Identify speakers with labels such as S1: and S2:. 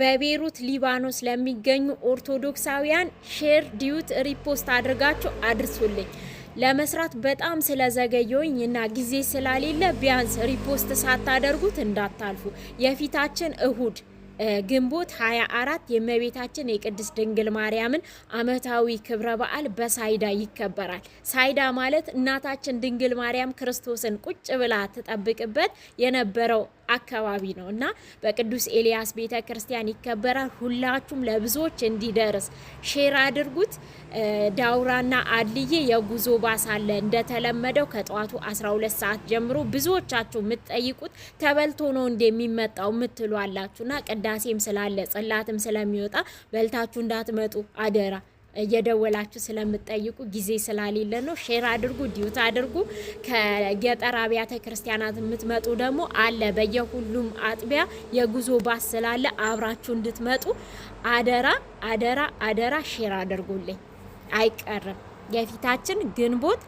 S1: በቤሩት ሊባኖስ ለሚገኙ ኦርቶዶክሳውያን ሼር ዲዩት ሪፖስት አድርጋችሁ አድርሱልኝ። ለመስራት በጣም ስለዘገየውኝ እና ጊዜ ስላሌለ ቢያንስ ሪፖስት ሳታደርጉት እንዳታልፉ። የፊታችን እሁድ ግንቦት 24 የእመቤታችን የቅድስት ድንግል ማርያምን ዓመታዊ ክብረ በዓል በሳይዳ ይከበራል። ሳይዳ ማለት እናታችን ድንግል ማርያም ክርስቶስን ቁጭ ብላ ትጠብቅበት የነበረው አካባቢ ነው እና በቅዱስ ኤልያስ ቤተ ክርስቲያን ይከበራል። ሁላችሁም ለብዙዎች እንዲደርስ ሼር አድርጉት። ዳውራና አድልዬ የጉዞ ባስ አለ። እንደተለመደው ከጠዋቱ 12 ሰዓት ጀምሮ ብዙዎቻችሁ የምትጠይቁት ተበልቶ ነው እንደሚመጣው የምትሉ አላችሁና ቅዳሴም ስላለ ጽላትም ስለሚወጣ በልታችሁ እንዳትመጡ አደራ። እየደወላችሁ ስለምትጠይቁ ጊዜ ስላሌለ ነው። ሼር አድርጉ፣ ዲዩት አድርጉ። ከገጠር አብያተ ክርስቲያናት የምትመጡ ደግሞ አለ። በየሁሉም አጥቢያ የጉዞ ባስ ስላለ አብራችሁ እንድትመጡ አደራ አደራ አደራ። ሼር አድርጉልኝ። አይቀርም። የፊታችን ግንቦት